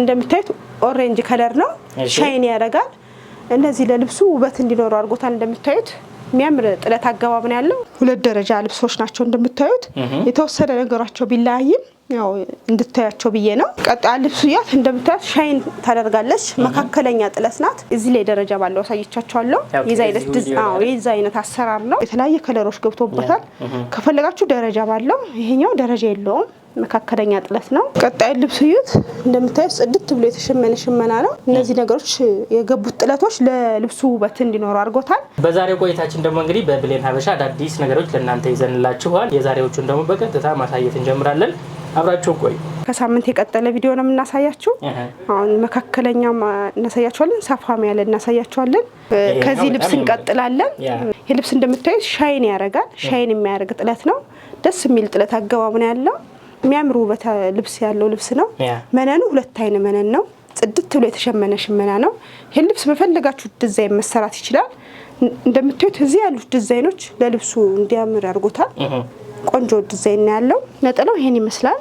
እንደምታዩት ኦሬንጅ ከለር ነው፣ ሻይን ያደርጋል። እነዚህ ለልብሱ ውበት እንዲኖረው አድርጎታል። እንደምታዩት የሚያምር ጥለት አገባብ ነው ያለው። ሁለት ደረጃ ልብሶች ናቸው እንደምታዩት። የተወሰነ ነገሯቸው ቢለያይም ያው እንድታያቸው ብዬ ነው። ልብሱ ያት እንደምታዩት ሻይን ታደርጋለች። መካከለኛ ጥለት ናት። እዚህ ላይ ደረጃ ባለው አሳይቻቸዋለሁ። የዚ አይነት አሰራር ነው። የተለያየ ከለሮች ገብቶበታል። ከፈለጋችሁ ደረጃ ባለው ይሄኛው ደረጃ የለውም መካከለኛ ጥለት ነው። ቀጣይ ልብስ እዩት። እንደምታዩት ጽድት ብሎ የተሸመነ ሽመና ነው። እነዚህ ነገሮች የገቡት ጥለቶች ለልብሱ ውበት እንዲኖሩ አድርጎታል። በዛሬው ቆይታችን ደግሞ እንግዲህ በብሌን ሀበሻ አዳዲስ ነገሮች ለእናንተ ይዘንላችኋል። የዛሬዎቹን ደግሞ በቀጥታ ማሳየት እንጀምራለን። አብራችሁ ቆዩ። ከሳምንት የቀጠለ ቪዲዮ ነው የምናሳያችሁ። አሁን መካከለኛ እናሳያችኋለን፣ ሰፋም ያለ እናሳያችኋለን። ከዚህ ልብስ እንቀጥላለን። ይህ ልብስ እንደምታዩት ሻይን ያደርጋል። ሻይን የሚያደርግ ጥለት ነው። ደስ የሚል ጥለት አገባብ ነው ያለው የሚያምር ውበት ልብስ ያለው ልብስ ነው። መነኑ ሁለት አይነ መነን ነው። ጽድት ብሎ የተሸመነ ሽመና ነው። ይህን ልብስ በፈለጋችሁ ዲዛይን መሰራት ይችላል። እንደምታዩት እዚህ ያሉት ዲዛይኖች ለልብሱ እንዲያምር ያድርጎታል። ቆንጆ ዲዛይን ነው ያለው። ነጠላው ይሄን ይመስላል።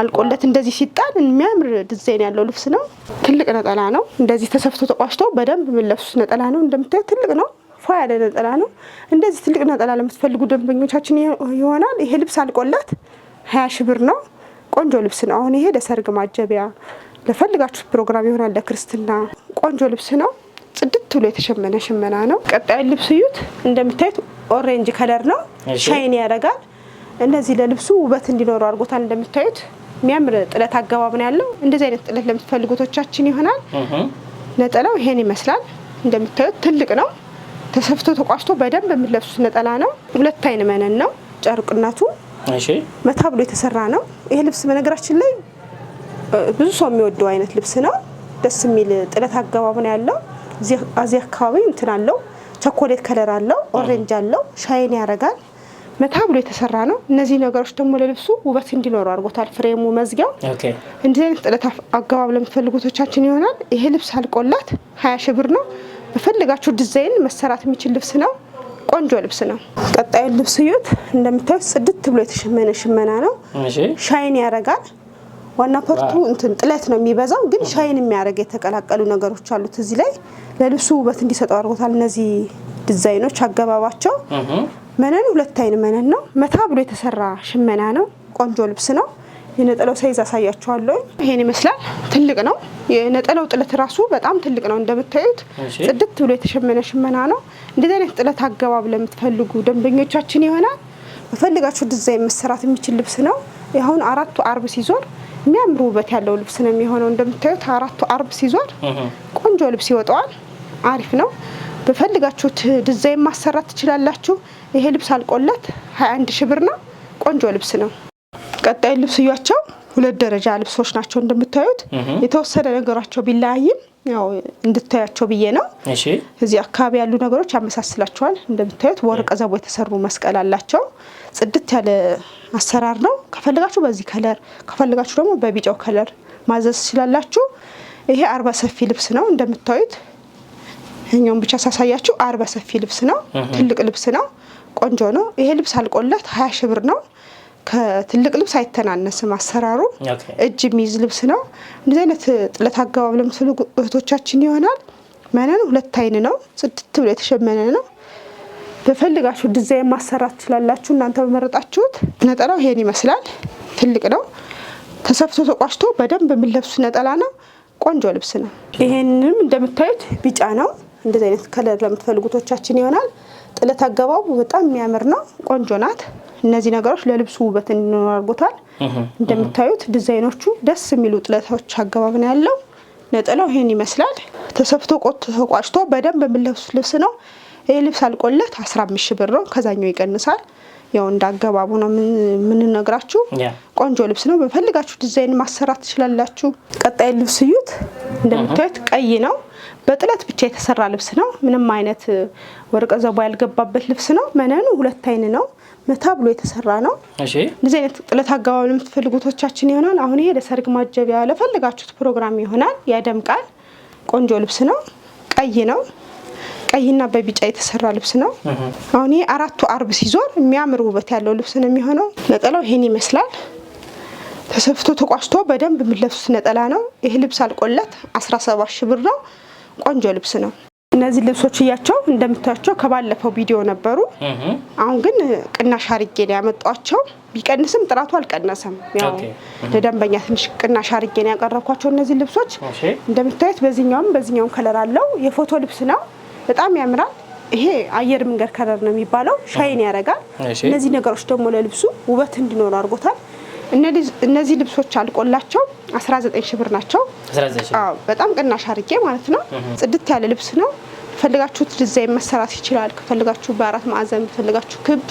አልቆለት እንደዚህ ሲጣል የሚያምር ዲዛይን ያለው ልብስ ነው። ትልቅ ነጠላ ነው። እንደዚህ ተሰፍቶ ተቋጭቶ በደንብ የምለብሱት ነጠላ ነው። እንደምታዩት ትልቅ ነው። ፏ ያለ ነጠላ ነው። እንደዚህ ትልቅ ነጠላ ለምትፈልጉ ደንበኞቻችን ይሆናል። ይሄ ልብስ አልቆለት ሀያ ሺ ብር ነው። ቆንጆ ልብስ ነው። አሁን ይሄ ለሰርግ ማጀቢያ ለፈልጋችሁት ፕሮግራም ይሆናል። ለክርስትና ቆንጆ ልብስ ነው። ጽድት ብሎ የተሸመነ ሽመና ነው። ቀጣይ ልብስ እዩት። እንደምታዩት ኦሬንጅ ከለር ነው። ሻይን ያደርጋል። እነዚህ ለልብሱ ውበት እንዲኖረው አድርጎታል። እንደምታዩት የሚያምር ጥለት አገባብ ነው ያለው። እንደዚህ አይነት ጥለት ለምትፈልጉቶቻችን ይሆናል። ነጠላው ይሄን ይመስላል። እንደምታዩት ትልቅ ነው። ተሰፍቶ ተቋጭቶ በደንብ የምትለብሱት ነጠላ ነው። ሁለት አይን መነን ነው ጨርቅነቱ መታ ብሎ የተሰራ ነው። ይሄ ልብስ በነገራችን ላይ ብዙ ሰው የሚወደው አይነት ልብስ ነው። ደስ የሚል ጥለት አገባብ ነው ያለው። እዚህ አካባቢ እንትን አለው፣ ቸኮሌት ከለር አለው፣ ኦሬንጅ አለው፣ ሻይን ያደርጋል። መታ ብሎ የተሰራ ነው። እነዚህ ነገሮች ደግሞ ለልብሱ ውበት እንዲኖረው አድርጎታል። ፍሬሙ፣ መዝጊያው እንዲህ አይነት ጥለት አገባብ ለምትፈልጉቶቻችን ይሆናል። ይሄ ልብስ አልቆላት ሀያ ሽብር ብር ነው። በፈልጋችሁ ዲዛይን መሰራት የሚችል ልብስ ነው። ቆንጆ ልብስ ነው። ቀጣዩ ልብስ እዩት። እንደምታዩት ጽድት ብሎ የተሸመነ ሽመና ነው። ሻይን ያረጋል። ዋና ፓርቱ እንትን ጥለት ነው የሚበዛው፣ ግን ሻይን የሚያደርግ የተቀላቀሉ ነገሮች አሉት እዚህ ላይ ለልብሱ ውበት እንዲሰጠው አድርጎታል። እነዚህ ዲዛይኖች አገባባቸው መነን ሁለት አይን መነን ነው። መታ ብሎ የተሰራ ሽመና ነው። ቆንጆ ልብስ ነው። የነጠላው ሳይዝ አሳያችኋለሁ። ይሄን ይመስላል። ትልቅ ነው። የነጠላው ጥለት ራሱ በጣም ትልቅ ነው። እንደምታዩት ጽድት ብሎ የተሸመነ ሽመና ነው። እንደዚህ አይነት ጥለት አገባብ ለምትፈልጉ ደንበኞቻችን ይሆናል። በፈልጋችሁ ዲዛይን መሰራት የሚችል ልብስ ነው። አሁን አራቱ አርብ ሲዞር የሚያምር ውበት ያለው ልብስ ነው የሚሆነው። እንደምታዩት አራቱ አርብ ሲዞር ቆንጆ ልብስ ይወጣዋል። አሪፍ ነው። በፈልጋችሁት ዲዛይን ማሰራት ትችላላችሁ። ይሄ ልብስ አልቆለት 21 ሺ ብር ነው። ቆንጆ ልብስ ነው። ቀጣይ ልብስ እያቸው ሁለት ደረጃ ልብሶች ናቸው እንደምታዩት። የተወሰነ ነገራቸው ቢለያይም ያው እንድታያቸው ብዬ ነው። እዚህ አካባቢ ያሉ ነገሮች ያመሳስላቸዋል። እንደምታዩት በወርቀ ዘቦ የተሰሩ መስቀል አላቸው። ጽድት ያለ አሰራር ነው። ከፈልጋችሁ በዚህ ከለር፣ ከፈልጋችሁ ደግሞ በቢጫው ከለር ማዘዝ ትችላላችሁ። ይሄ አርባ ሰፊ ልብስ ነው እንደምታዩት። ይሄኛውን ብቻ ሳሳያችሁ አርባ ሰፊ ልብስ ነው። ትልቅ ልብስ ነው። ቆንጆ ነው። ይሄ ልብስ አልቆለት ሀያ ሺህ ብር ነው። ከትልቅ ልብስ አይተናነስም። አሰራሩ እጅ የሚይዝ ልብስ ነው። እንደዚህ አይነት ጥለት አገባብ ለምስሉ እህቶቻችን ይሆናል። መነን ሁለት አይን ነው፣ ጽድት ብሎ የተሸመነ ነው። በፈልጋችሁ ዲዛይን ማሰራት ትችላላችሁ እናንተ በመረጣችሁት። ነጠላው ይሄን ይመስላል። ትልቅ ነው። ተሰፍቶ ተቋጭቶ በደንብ የሚለብሱ ነጠላ ነው። ቆንጆ ልብስ ነው። ይሄንንም እንደምታዩት ቢጫ ነው። እንደዚህ አይነት ከለር ለምትፈልጉቶቻችን ይሆናል። ጥለት አገባቡ በጣም የሚያምር ነው። ቆንጆ ናት። እነዚህ ነገሮች ለልብሱ ውበት እንዲኖር አድርጎታል። እንደምታዩት ዲዛይኖቹ ደስ የሚሉ ጥለቶች አገባብ ነው ያለው። ነጠላው ይሄን ይመስላል። ተሰፍቶ ቆቶ ተቋጭቶ በደንብ የምለብሱት ልብስ ነው። ይህ ልብስ አልቆለት አስራ አምስት ብር ነው። ከዛኛው ይቀንሳል። ያው አገባቡ ነው የምንነግራችሁ። ቆንጆ ልብስ ነው። በፈልጋችሁ ዲዛይን ማሰራት ትችላላችሁ። ቀጣይ ልብስ እዩት። እንደምታዩት ቀይ ነው። በጥለት ብቻ የተሰራ ልብስ ነው። ምንም አይነት ወርቀ ዘቦ ያልገባበት ልብስ ነው። መነኑ ሁለት አይን ነው። መታ ብሎ የተሰራ ነው። እንደዚህ አይነት ጥለት አገባብ ለምትፈልጉቶቻችን ይሆናል። አሁን ይሄ ለሰርግ ማጀቢያ ለፈልጋችሁት ፕሮግራም ይሆናል። ያደምቃል። ቆንጆ ልብስ ነው። ቀይ ነው። ቀይና በቢጫ የተሰራ ልብስ ነው። አሁን ይሄ አራቱ አርብ ሲዞር የሚያምር ውበት ያለው ልብስ ነው የሚሆነው። ነጠላው ይሄን ይመስላል። ተሰፍቶ ተቋስቶ በደንብ የምትለብሱት ነጠላ ነው። ይህ ልብስ አልቆለት 17 ሺ ብር ነው። ቆንጆ ልብስ ነው። እነዚህ ልብሶች እያቸው እንደምታያቸው ከባለፈው ቪዲዮ ነበሩ። አሁን ግን ቅናሽ አርጌ ነው ያመጧቸው። ቢቀንስም ጥራቱ አልቀነሰም። ያው ለደንበኛ ትንሽ ቅናሽ አርጌ ነው ያቀረብኳቸው። እነዚህ ልብሶች እንደምታዩት በዚህኛውም በዚኛውም ከለር አለው። የፎቶ ልብስ ነው፣ በጣም ያምራል። ይሄ አየር መንገድ ከለር ነው የሚባለው። ሻይን ያረጋል። እነዚህ ነገሮች ደግሞ ለልብሱ ውበት እንዲኖሩ አድርጎታል። እነዚህ ልብሶች አልቆላቸው 19 ሺ ብር ናቸው። በጣም ቅናሽ አድርጌ ማለት ነው። ጽድት ያለ ልብስ ነው። ፈልጋችሁት ዲዛይን መሰራት ይችላል። ከፈልጋችሁ በአራት ማዕዘን፣ ፈልጋችሁ ክብ።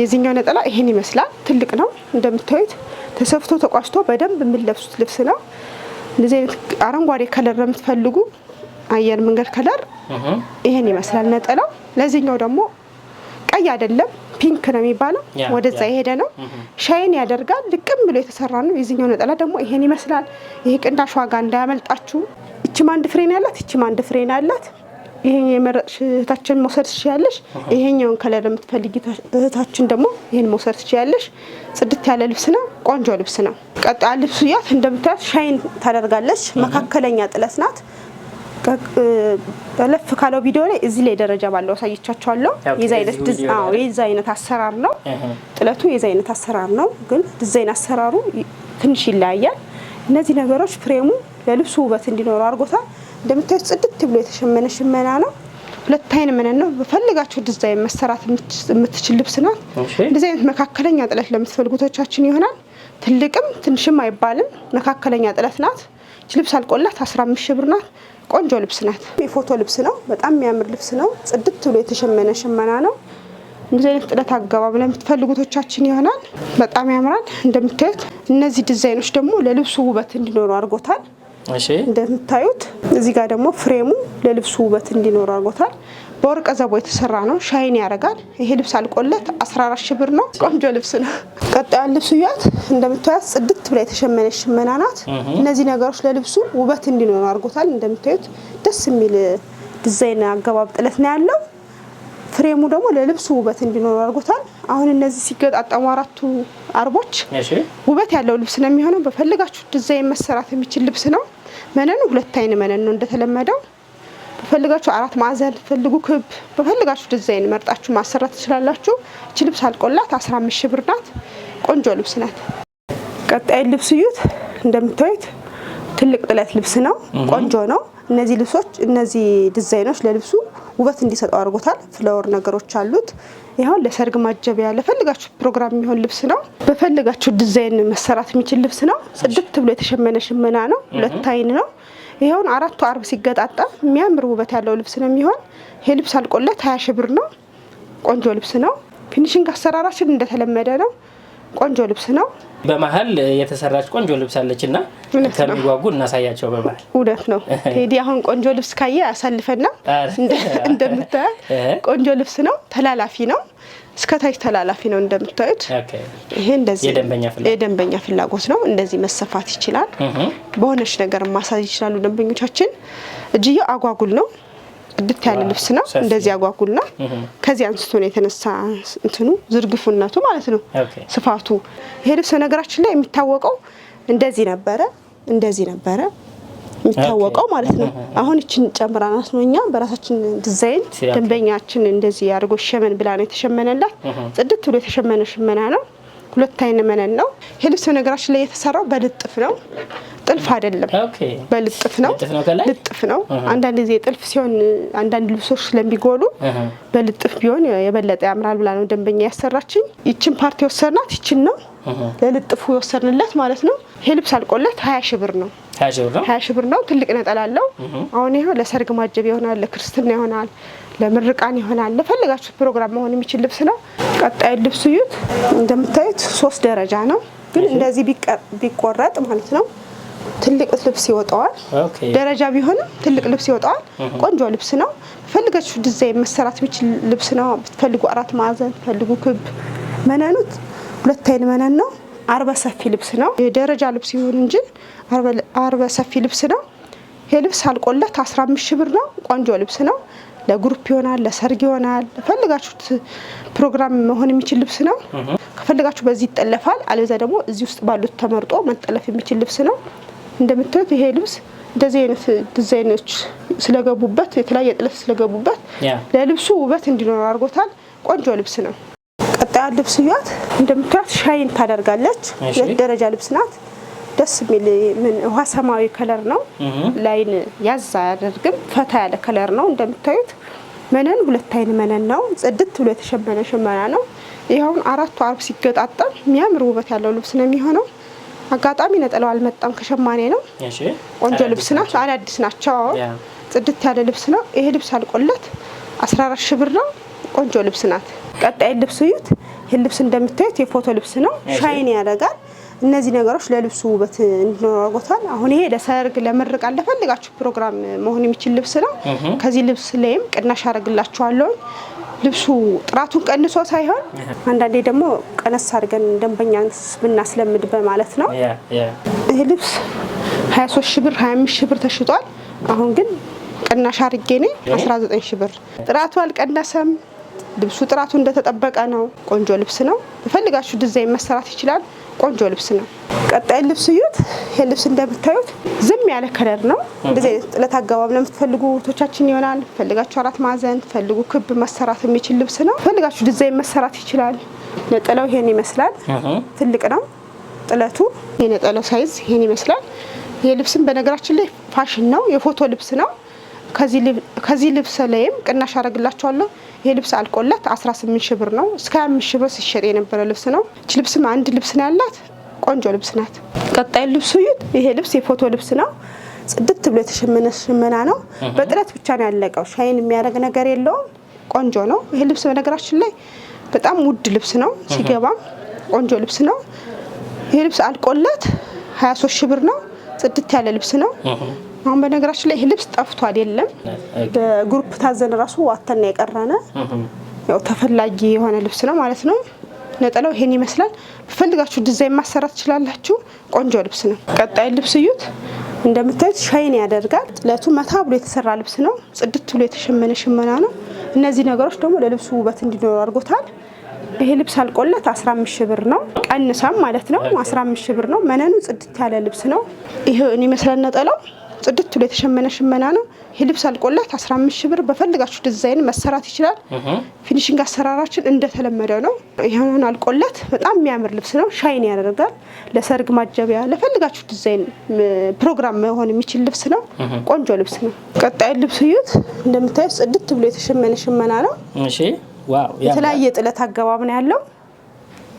የዚህኛው ነጠላ ይሄን ይመስላል። ትልቅ ነው እንደምታዩት፣ ተሰፍቶ ተቋጭቶ በደንብ የምንለብሱት ልብስ ነው። እንደዚህ አይነት አረንጓዴ ከለር ለምትፈልጉ አየር መንገድ ከለር ይሄን ይመስላል ነጠላው። ለዚህኛው ደግሞ ቀይ አይደለም ፒንክ ነው የሚባለው፣ ወደዛ የሄደ ነው። ሻይን ያደርጋል። ልቅም ብሎ የተሰራ ነው። የዚኛው ነጠላ ደግሞ ይሄን ይመስላል። ይሄ ቅናሽ ዋጋ እንዳያመልጣችሁ። ይችም አንድ ፍሬን ያላት፣ ይችም አንድ ፍሬን ያላት ይሄ የመረጥሽ እህታችን መውሰድ ትችያለሽ። ይሄኛውን ከለር የምትፈልጊ እህታችን ደግሞ ይሄን መውሰድ ትችያለሽ። ጽድት ያለ ልብስ ነው፣ ቆንጆ ልብስ ነው። ቀጣ ልብሱ ያት እንደምታያት ሻይን ታደርጋለች። መካከለኛ ጥለት ናት። ጠለፍ ካለው ቪዲዮ ላይ እዚህ ላይ ደረጃ ባለው አሳየቻቸዋለሁ። የዛ አይነት አሰራር ነው ጥለቱ፣ የዛ አይነት አሰራር ነው። ግን ዲዛይን አሰራሩ ትንሽ ይለያያል። እነዚህ ነገሮች ፍሬሙ ለልብሱ ውበት እንዲኖረው አድርጎታል። እንደምታዩት ጽድት ብሎ የተሸመነ ሽመና ነው። ሁለት አይን ምን ነው በፈልጋቸው ዲዛይን መሰራት የምትችል ልብስ ናት። እንደዚህ አይነት መካከለኛ ጥለት ለምትፈልጉቶቻችን ይሆናል። ትልቅም ትንሽም አይባልም መካከለኛ ጥለት ናት። ልብስ አልቆላት 15 ሺህ ብር ናት። ቆንጆ ልብስ ናት። የፎቶ ልብስ ነው። በጣም የሚያምር ልብስ ነው። ጽድት ብሎ የተሸመነ ሽመና ነው። እንደዚህ አይነት ጥለት አገባብ ለምትፈልጉቶቻችን ይሆናል። በጣም ያምራል። እንደምታዩት እነዚህ ዲዛይኖች ደግሞ ለልብሱ ውበት እንዲኖሩ አድርጎታል። እንደምታዩት እዚህ ጋር ደግሞ ፍሬሙ ለልብሱ ውበት እንዲኖሩ አድርጎታል። በወርቀ ዘቦ የተሰራ ነው። ሻይን ያደርጋል። ይሄ ልብስ አልቆለት 14 ሺ ብር ነው። ቆንጆ ልብስ ነው። ቀጣዩን ልብስ እያት። እንደምታዩት ጽድት ብላ የተሸመነች ሽመና ናት። እነዚህ ነገሮች ለልብሱ ውበት እንዲኖሩ አድርጎታል። እንደምታዩት ደስ የሚል ዲዛይን አገባብ ጥለት ነው ያለው። ፍሬሙ ደግሞ ለልብሱ ውበት እንዲኖሩ አድርጎታል። አሁን እነዚህ ሲገጣጠሙ አራቱ አርቦች ውበት ያለው ልብስ ነው የሚሆነው። በፈልጋችሁ ዲዛይን መሰራት የሚችል ልብስ ነው። መነኑ ሁለት አይን መነን ነው እንደተለመደው። በፈልጋችሁ አራት ማዕዘን ፈልጉ፣ ክብ በፈልጋችሁ ዲዛይን መርጣችሁ ማሰራት ትችላላችሁ። እች ልብስ አልቆላት 15 ሺህ ብር ናት። ቆንጆ ልብስ ናት። ቀጣይ ልብስ እዩት። እንደምታዩት ትልቅ ጥለት ልብስ ነው። ቆንጆ ነው። እነዚህ ልብሶች እነዚህ ዲዛይኖች ለልብሱ ውበት እንዲሰጠው አድርጎታል። ፍለወር ነገሮች አሉት። ይሁን ለሰርግ ማጀቢያ ለፈልጋችሁ ፕሮግራም የሚሆን ልብስ ነው። በፈልጋችሁ ዲዛይን መሰራት የሚችል ልብስ ነው። ጽድት ብሎ የተሸመነ ሽመና ነው። ሁለት አይን ነው። ይኸውን አራቱ አርብ ሲገጣጠም የሚያምር ውበት ያለው ልብስ ነው የሚሆን። ይሄ ልብስ አልቆለት ሀያ ሺህ ብር ነው። ቆንጆ ልብስ ነው። ፊኒሽንግ አሰራራችን እንደተለመደ ነው። ቆንጆ ልብስ ነው። በመሀል የተሰራች ቆንጆ ልብስ አለች እና ከሚጓጉ እናሳያቸው። በመሀል እውነት ነው ቴዲ። አሁን ቆንጆ ልብስ ካየ አሳልፈና እንደምታያት ቆንጆ ልብስ ነው። ተላላፊ ነው፣ እስከታች ተላላፊ ነው እንደምታዩት። ይሄ እንደዚህ የደንበኛ ፍላጎት ነው። እንደዚህ መሰፋት ይችላል። በሆነች ነገር ማሳዝ ይችላሉ ደንበኞቻችን። እጅየው አጓጉል ነው። ጽድት ያለ ልብስ ነው። እንደዚህ ያጓጉልና ከዚህ አንስቶ ነው የተነሳ እንትኑ ዝርግፉነቱ ማለት ነው ስፋቱ። ይሄ ልብስ በነገራችን ላይ የሚታወቀው እንደዚህ ነበረ፣ እንደዚህ ነበረ የሚታወቀው ማለት ነው። አሁን ይችን ጨምራናት ነው እኛ በራሳችን ዲዛይን። ደንበኛችን እንደዚህ አድርጎ ሸመን ብላ ነው የተሸመነላት። ጽድት ብሎ የተሸመነ ሽመና ነው። ሁለት አይነ መነን ነው ይሄ ልብስ በነገራችን ላይ የተሰራው በልጥፍ ነው። ጥልፍ አይደለም፣ በልጥፍ ነው። ልጥፍ ነው። አንዳንድ ጊዜ ጥልፍ ሲሆን አንዳንድ ልብሶች ስለሚጎሉ በልጥፍ ቢሆን የበለጠ ያምራል ብላ ነው ደንበኛ ያሰራችኝ። ይችን ፓርቲ የወሰድናት ይችን ነው ለልጥፉ የወሰድንለት ማለት ነው። ይሄ ልብስ አልቆለት ሀያ ሺህ ብር ነው ሀያ ሺህ ብር ነው። ትልቅ ነጠላ አለው። አሁን ይኸው ለሰርግ ማጀብ ይሆናል፣ ለክርስትና ይሆናል፣ ለምርቃን ይሆናል፣ ለፈለጋችሁት ፕሮግራም መሆን የሚችል ልብስ ነው። ቀጣይ ልብስ እዩት። እንደምታዩት ሶስት ደረጃ ነው፣ ግን እንደዚህ ቢቆረጥ ማለት ነው ትልቅ ልብስ ይወጣዋል። ደረጃ ቢሆንም ትልቅ ልብስ ይወጣዋል። ቆንጆ ልብስ ነው። ፈልገች ዲዛይን መሰራት የሚችል ልብስ ነው። ብትፈልጉ አራት ማዕዘን ፈልጉ፣ ክብ መነኑት ሁለት አይን መነን ነው። አርበ ሰፊ ልብስ ነው። የደረጃ ልብስ ይሁን እንጂ አርበ ሰፊ ልብስ ነው። ይህ ልብስ አልቆለት 15 ሺህ ብር ነው። ቆንጆ ልብስ ነው። ለግሩፕ ይሆናል፣ ለሰርግ ይሆናል። ፈልጋችሁት ፕሮግራም መሆን የሚችል ልብስ ነው። ከፈልጋችሁ በዚህ ይጠለፋል። አለዛ ደግሞ እዚህ ውስጥ ባሉት ተመርጦ መጠለፍ የሚችል ልብስ ነው። እንደምታዩት ይሄ ልብስ እንደዚህ አይነት ዲዛይኖች ስለገቡበት የተለያየ ጥለት ስለገቡበት ለልብሱ ውበት እንዲኖር አድርጎታል። ቆንጆ ልብስ ነው። ቀጣያ ልብስ እያት እንደምታዩት ሻይን ታደርጋለች። ሁለት ደረጃ ልብስ ናት። ደስ የሚል ምን ውሃ ሰማያዊ ከለር ነው። ላይን ያዝ አያደርግም። ፈታ ያለ ከለር ነው። እንደምታዩት መነን ሁለት አይን መነን ነው። ጽድት ብሎ የተሸመነ ሽመና ነው። ይኸውን አራቱ አርብ ሲገጣጠም የሚያምር ውበት ያለው ልብስ ነው የሚሆነው አጋጣሚ ነጠላው አልመጣም፣ ከሸማኔ ነው። ቆንጆ ልብስ ናት፣ አዳዲስ ናቸው። ጽድት ያለ ልብስ ነው። ይሄ ልብስ አልቆለት አስራ አራት ብር ነው። ቆንጆ ልብስ ናት። ቀጣይ ልብስ እዩት። ይህን ልብስ እንደምታዩት የፎቶ ልብስ ነው። ሻይን ያደርጋል። እነዚህ ነገሮች ለልብሱ ውበት እንዲኖረው አድርጎታል። አሁን ይሄ ለሰርግ፣ ለምርቃት፣ ለፈልጋችሁ ፕሮግራም መሆን የሚችል ልብስ ነው። ከዚህ ልብስ ላይም ቅናሽ አደርግላችኋለሁ። ልብሱ ጥራቱን ቀንሶ ሳይሆን አንዳንዴ ደግሞ ቀነስ አድርገን ደንበኛ ብናስለምድ በማለት ነው። ይህ ልብስ 23 ሺህ ብር 25 ሺህ ብር ተሽጧል። አሁን ግን ቅናሽ አድርጌ እኔ 19 ሺህ ብር። ጥራቱ አልቀነሰም። ልብሱ ጥራቱ እንደተጠበቀ ነው። ቆንጆ ልብስ ነው። የፈልጋችሁ ዲዛይን መሰራት ይችላል። ቆንጆ ልብስ ነው። ቀጣይ ልብስ እዩት። ይህ ልብስ እንደምታዩት ዝም ያለ ከለር ነው። እንደዚህ አይነት ጥለት አገባብ ለምትፈልጉ እህቶቻችን ይሆናል። ፈልጋችሁ አራት ማዕዘን ፈልጉ ክብ መሰራት የሚችል ልብስ ነው። ፈልጋችሁ ዲዛይን መሰራት ይችላል። ነጠላው ይሄን ይመስላል። ትልቅ ነው ጥለቱ። የነጠላው ሳይዝ ይሄን ይመስላል። ይህ ልብስም በነገራችን ላይ ፋሽን ነው። የፎቶ ልብስ ነው። ከዚህ ልብስ ላይም ቅናሽ አደርግላችኋለሁ። ይሄ ልብስ አልቆለት 18 ሺህ ብር ነው። እስከ 25 ሺህ ብር ሲሸጥ የነበረ ልብስ ነው። እች ልብስም አንድ ልብስ ነው ያላት። ቆንጆ ልብስ ናት። ቀጣይ ልብሱ እዩት። ይሄ ልብስ የፎቶ ልብስ ነው። ጽድት ብሎ የተሸመነ ሽመና ነው። በጥለት ብቻ ነው ያለቀው። ሻይን የሚያደርግ ነገር የለውም። ቆንጆ ነው። ይሄ ልብስ በነገራችን ላይ በጣም ውድ ልብስ ነው። ሲገባም ቆንጆ ልብስ ነው። ይሄ ልብስ አልቆለት 23 ሺህ ብር ነው። ጽድት ያለ ልብስ ነው። አሁን በነገራችን ላይ ይህ ልብስ ጠፍቶ አይደለም። በግሩፕ ታዘን ራሱ ዋተና የቀረነ ያው ተፈላጊ የሆነ ልብስ ነው ማለት ነው። ነጠላው ይሄን ይመስላል። ፈልጋችሁ ዲዛይን ማሰራት ትችላላችሁ። ቆንጆ ልብስ ነው። ቀጣይ ልብስ እዩት። እንደምታዩት ሻይን ያደርጋል። ለቱ መታ ብሎ የተሰራ ልብስ ነው። ጽድት ብሎ የተሸመነ ሽመና ነው። እነዚህ ነገሮች ደግሞ ለልብሱ ውበት እንዲኖሩ አድርጎታል። ይሄ ልብስ አልቆለት 15 ሺህ ብር ነው። ቀንሳም ማለት ነው 15 ሺህ ብር ነው። መነኑ ጽድት ያለ ልብስ ነው። ይሄ ይመስላል ነጠላው ጽድት ብሎ የተሸመነ ሽመና ነው። ይህ ልብስ አልቆላት 15 ሺህ ብር። በፈልጋችሁ ዲዛይን መሰራት ይችላል። ፊኒሽንግ አሰራራችን እንደተለመደ ነው። ይህን አልቆላት በጣም የሚያምር ልብስ ነው። ሻይን ያደርጋል። ለሰርግ ማጀቢያ፣ ለፈልጋችሁ ዲዛይን ፕሮግራም መሆን የሚችል ልብስ ነው። ቆንጆ ልብስ ነው። ቀጣይ ልብስ እዩት። እንደምታዩት ጽድት ብሎ የተሸመነ ሽመና ነው። የተለያየ ጥለት አገባብ ነው ያለው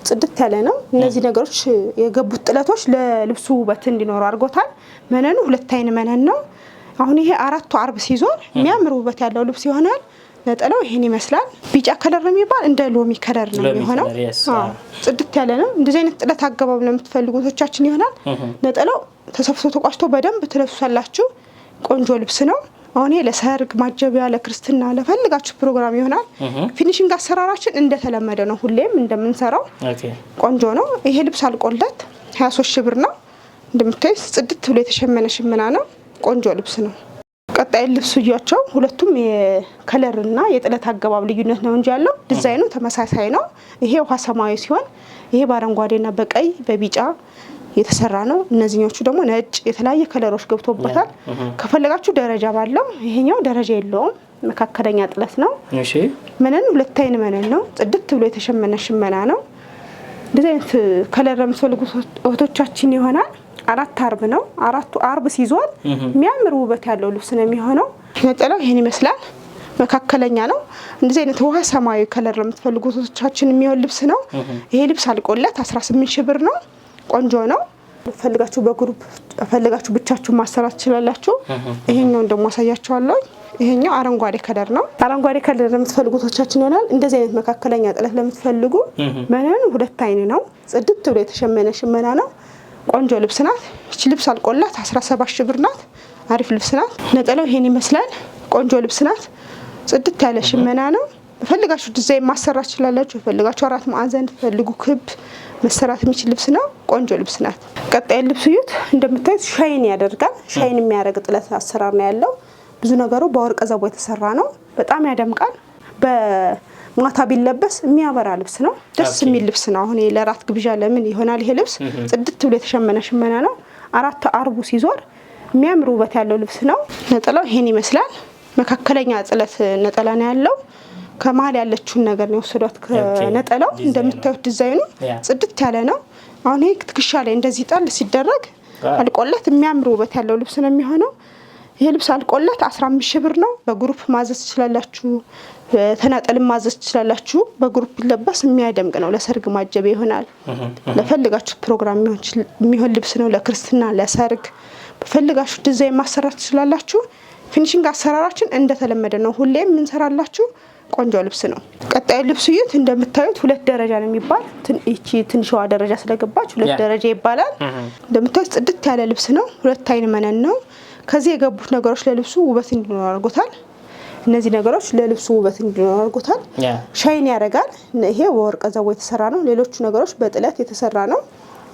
ጽድት ያለ ነው። እነዚህ ነገሮች የገቡት ጥለቶች ለልብሱ ውበት እንዲኖሩ አድርጎታል። መነኑ ሁለት አይን መነን ነው። አሁን ይሄ አራቱ አርብ ሲዞን የሚያምር ውበት ያለው ልብስ ይሆናል። ነጠላው ይሄን ይመስላል። ቢጫ ከለር ነው የሚባል እንደ ሎሚ ከለር ነው የሚሆነው። ጽድት ያለ ነው። እንደዚህ አይነት ጥለት አገባብ ለምትፈልጉ ቶቻችን ይሆናል። ነጠላው ተሰፍቶ ተቋጭቶ በደንብ ያላችሁ ቆንጆ ልብስ ነው። አሁን ለሰርግ ማጀቢያ፣ ለክርስትና፣ ለፈልጋችሁ ፕሮግራም ይሆናል። ፊኒሽንግ አሰራራችን እንደተለመደ ነው፣ ሁሌም እንደምንሰራው ቆንጆ ነው። ይሄ ልብስ አልቆለት 23 ሶስት ብር ነው። እንደምታይ ጽድት ብሎ የተሸመነ ሽመና ነው። ቆንጆ ልብስ ነው። ቀጣይ ልብሱ እያቸው ሁለቱም የከለርና የጥለት አገባብ ልዩነት ነው እንጂ ያለው ዲዛይኑ ተመሳሳይ ነው። ይሄ ውሃ ሰማያዊ ሲሆን ይሄ በአረንጓዴና በቀይ በቢጫ የተሰራ ነው። እነዚህኞቹ ደግሞ ነጭ የተለያየ ከለሮች ገብቶበታል። ከፈለጋችሁ ደረጃ ባለው ይሄኛው ደረጃ የለውም። መካከለኛ ጥለት ነው። መነን ሁለት አይን መነን ነው። ጽድት ብሎ የተሸመነ ሽመና ነው። እንደዚህ አይነት ከለር ለምትፈልጉ እህቶቻችን ይሆናል። አራት አርብ ነው። አራቱ አርብ ሲዞን የሚያምር ውበት ያለው ልብስ ነው የሚሆነው። ነጠላው ይህን ይመስላል። መካከለኛ ነው። እንደዚህ አይነት ውሃ ሰማያዊ ከለር ለምትፈልጉ እህቶቻችን የሚሆን ልብስ ነው። ይሄ ልብስ አልቆለት 18 ሺህ ብር ነው። ቆንጆ ነው። ፈልጋችሁ በግሩፕ ፈልጋችሁ ብቻችሁ ማሰራት ትችላላችሁ። ይሄኛውን ደግሞ አሳያችኋለሁ። ይሄኛው አረንጓዴ ከለር ነው። አረንጓዴ ከለር ለምትፈልጉ ቶቻችን ይሆናል። እንደዚህ አይነት መካከለኛ ጥለት ለምትፈልጉ መነን ሁለት አይን ነው። ጽድት ብሎ የተሸመነ ሽመና ነው። ቆንጆ ልብስ ናት። ይች ልብስ አልቆላት 17 ሺህ ብር ናት። አሪፍ ልብስ ናት። ነጠላው ይሄን ይመስላል። ቆንጆ ልብስ ናት። ጽድት ያለ ሽመና ነው። ፈልጋችሁ ዲዛይን ማሰራት ትችላላችሁ። ፈልጋችሁ አራት ማዕዘን ፈልጉ ክብ መሰራት የሚችል ልብስ ነው። ቆንጆ ልብስ ናት። ቀጣይ ልብስ እዩት። እንደምታዩት ሻይን ያደርጋል። ሻይን የሚያደርግ ጥለት አሰራር ነው ያለው። ብዙ ነገሩ በወርቀ ዘቦ የተሰራ ነው። በጣም ያደምቃል። በማታ ቢለበስ የሚያበራ ልብስ ነው። ደስ የሚል ልብስ ነው። አሁን ለራት ግብዣ ለምን ይሆናል ይሄ ልብስ። ጽድት ብሎ የተሸመነ ሽመና ነው። አራት አርቡ ሲዞር የሚያምር ውበት ያለው ልብስ ነው። ነጠላው ይሄን ይመስላል። መካከለኛ ጥለት ነጠላ ነው ያለው። ከመሀል ያለችውን ነገር ነው የወሰዷት። ከነጠላው እንደምታዩት ዲዛይኑ ጽድት ያለ ነው። አሁን ይሄ ትከሻ ላይ እንደዚህ ጣል ሲደረግ አልቆለት የሚያምር ውበት ያለው ልብስ ነው የሚሆነው። ይህ ልብስ አልቆለት አስራ አምስት ሺህ ብር ነው። በግሩፕ ማዘዝ ትችላላችሁ፣ ተናጠልም ማዘዝ ትችላላችሁ። በግሩፕ ቢለባስ የሚያደምቅ ነው። ለሰርግ ማጀቢያ ይሆናል። ለፈልጋችሁት ፕሮግራም የሚሆን ልብስ ነው። ለክርስትና፣ ለሰርግ በፈልጋችሁ ዲዛይን ማሰራት ትችላላችሁ። ፊኒሽንግ አሰራራችን እንደተለመደ ነው። ሁሌም የምንሰራላችሁ ቆንጆ ልብስ ነው። ቀጣዩ ልብስ እዩት። እንደምታዩት ሁለት ደረጃ ነው የሚባል ይቺ ትንሿ ደረጃ ስለገባች ሁለት ደረጃ ይባላል። እንደምታዩት ጽድት ያለ ልብስ ነው። ሁለት አይን መነን ነው። ከዚህ የገቡት ነገሮች ለልብሱ ውበት እንዲኖር አድርጎታል። እነዚህ ነገሮች ለልብሱ ውበት እንዲኖር አድርጎታል። ሻይን ያደርጋል። ይሄ በወርቀ ዘቦ የተሰራ ነው። ሌሎቹ ነገሮች በጥለት የተሰራ ነው።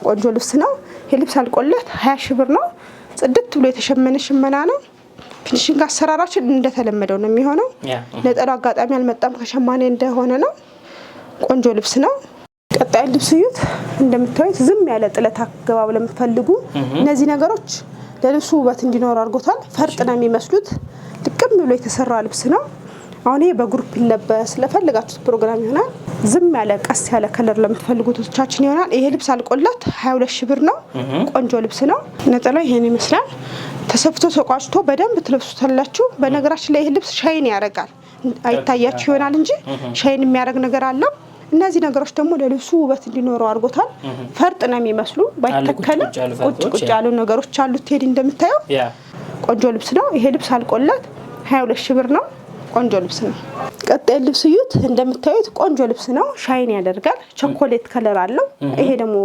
ቆንጆ ልብስ ነው። ይህ ልብስ አልቆለት ሀያ ሺ ብር ነው። ጽድት ብሎ የተሸመነ ሽመና ነው። ፊኒሽንግ አሰራራችን እንደተለመደው ነው የሚሆነው። ነጠላ አጋጣሚ አልመጣም ከሸማኔ እንደሆነ ነው። ቆንጆ ልብስ ነው። ቀጣይ ልብስ እዩት። እንደምታዩት ዝም ያለ ጥለት አገባብ ለምትፈልጉ እነዚህ ነገሮች ለልብሱ ውበት እንዲኖር አድርጎታል። ፈርጥ ነው የሚመስሉት። ልቅም ብሎ የተሰራ ልብስ ነው። አሁን ይሄ በግሩፕ ይለበስ ለፈልጋችሁት ፕሮግራም ይሆናል። ዝም ያለ ቀስ ያለ ከለር ለምትፈልጉት ብቻችን ይሆናል። ይሄ ልብስ አልቆላት 22 ሺህ ብር ነው። ቆንጆ ልብስ ነው። ነጠላ ይሄን ይመስላል። ተሰፍቶ ተቋጭቶ በደንብ ትለብሱታላችሁ። በነገራችን ላይ ይሄ ልብስ ሻይን ያደርጋል። አይታያችሁ ይሆናል እንጂ ሻይን የሚያደርግ ነገር አለው። እነዚህ ነገሮች ደግሞ ለልብሱ ውበት እንዲኖረው አድርጎታል። ፈርጥ ነው የሚመስሉ ባይተከልም ቁጭ ቁጭ ያሉ ነገሮች አሉት። ቴዲ እንደምታየው ቆንጆ ልብስ ነው። ይሄ ልብስ አልቆለት 22 ሺህ ብር ነው። ቆንጆ ልብስ ነው። ቀጣይ ልብስ እዩት። እንደምታዩት ቆንጆ ልብስ ነው። ሻይን ያደርጋል። ቸኮሌት ከለር አለው። ይሄ ደግሞ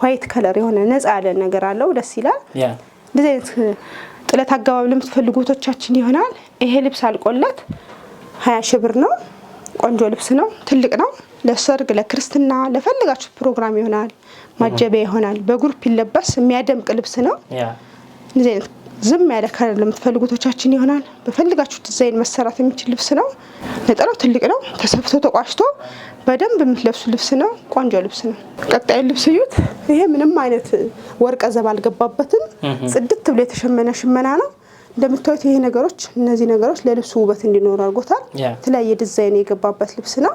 ዋይት ከለር የሆነ ነጻ ያለ ነገር አለው። ደስ ይላል። እንደዚህ አይነት ጥለት አገባብ ለምትፈልጉ ይሆናል። ይሄ ልብስ አልቆለት ሀያ ሺ ብር ነው። ቆንጆ ልብስ ነው። ትልቅ ነው። ለሰርግ፣ ለክርስትና፣ ለፈልጋችሁ ፕሮግራም ይሆናል። ማጀቢያ ይሆናል። በግሩፕ ይለበስ የሚያደምቅ ልብስ ነው። እንደዚህ አይነት ዝም ያለ ከለር ለምትፈልጉቶቻችን ይሆናል። በፈልጋችሁ ዲዛይን መሰራት የሚችል ልብስ ነው። ነጠላው ትልቅ ነው፣ ተሰፍቶ ተቋጭቶ በደንብ የምትለብሱ ልብስ ነው። ቆንጆ ልብስ ነው። ቀጣይ ልብስ እዩት። ይሄ ምንም አይነት ወርቀ ዘብ አልገባበትም። ጽድት ብሎ የተሸመነ ሽመና ነው። እንደምታዩት ይሄ ነገሮች እነዚህ ነገሮች ለልብሱ ውበት እንዲኖሩ አድርጎታል። የተለያየ ዲዛይን የገባበት ልብስ ነው።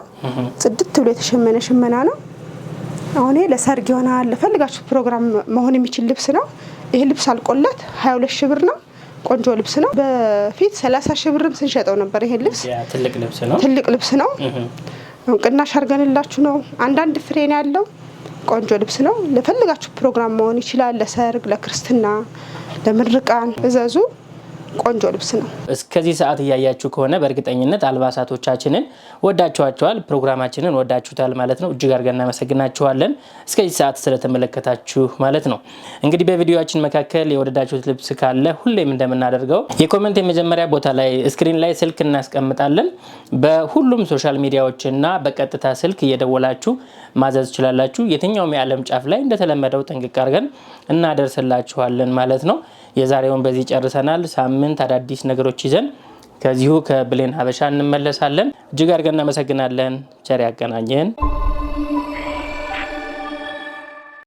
ጽድት ብሎ የተሸመነ ሽመና ነው። አሁን ይሄ ለሰርግ ይሆናል። ለፈልጋችሁ ፕሮግራም መሆን የሚችል ልብስ ነው። ይሄ ልብስ አልቆለት 22 ሽብር ብር ነው። ቆንጆ ልብስ ነው። በፊት 30 ሺህ ብርም ስንሸጠው ነበር። ይሄ ልብስ ትልቅ ልብስ ነው። ቅናሽ አድርገንላችሁ ነው። አንዳንድ ፍሬን ያለው ቆንጆ ልብስ ነው። ለፈልጋችሁ ፕሮግራም መሆን ይችላል። ለሰርግ፣ ለክርስትና፣ ለምርቃን እዘዙ። ቆንጆ ልብስ ነው። እስከዚህ ሰዓት እያያችሁ ከሆነ በእርግጠኝነት አልባሳቶቻችንን ወዳችኋቸዋል፣ ፕሮግራማችንን ወዳችሁታል ማለት ነው። እጅግ አድርገን እናመሰግናችኋለን እስከዚህ ሰዓት ስለተመለከታችሁ ማለት ነው። እንግዲህ በቪዲዮችን መካከል የወደዳችሁት ልብስ ካለ ሁሌም እንደምናደርገው የኮመንት የመጀመሪያ ቦታ ላይ ስክሪን ላይ ስልክ እናስቀምጣለን። በሁሉም ሶሻል ሚዲያዎችና በቀጥታ ስልክ እየደወላችሁ ማዘዝ ትችላላችሁ። የትኛውም የዓለም ጫፍ ላይ እንደተለመደው ጠንቅቅ አድርገን እናደርስላችኋለን ማለት ነው። የዛሬውን በዚህ ጨርሰናል ሳምንት ሳምንት አዳዲስ ነገሮች ይዘን ከዚሁ ከብሌን ሀበሻ እንመለሳለን። እጅግ አድርገን እናመሰግናለን። ቸር ያገናኘን።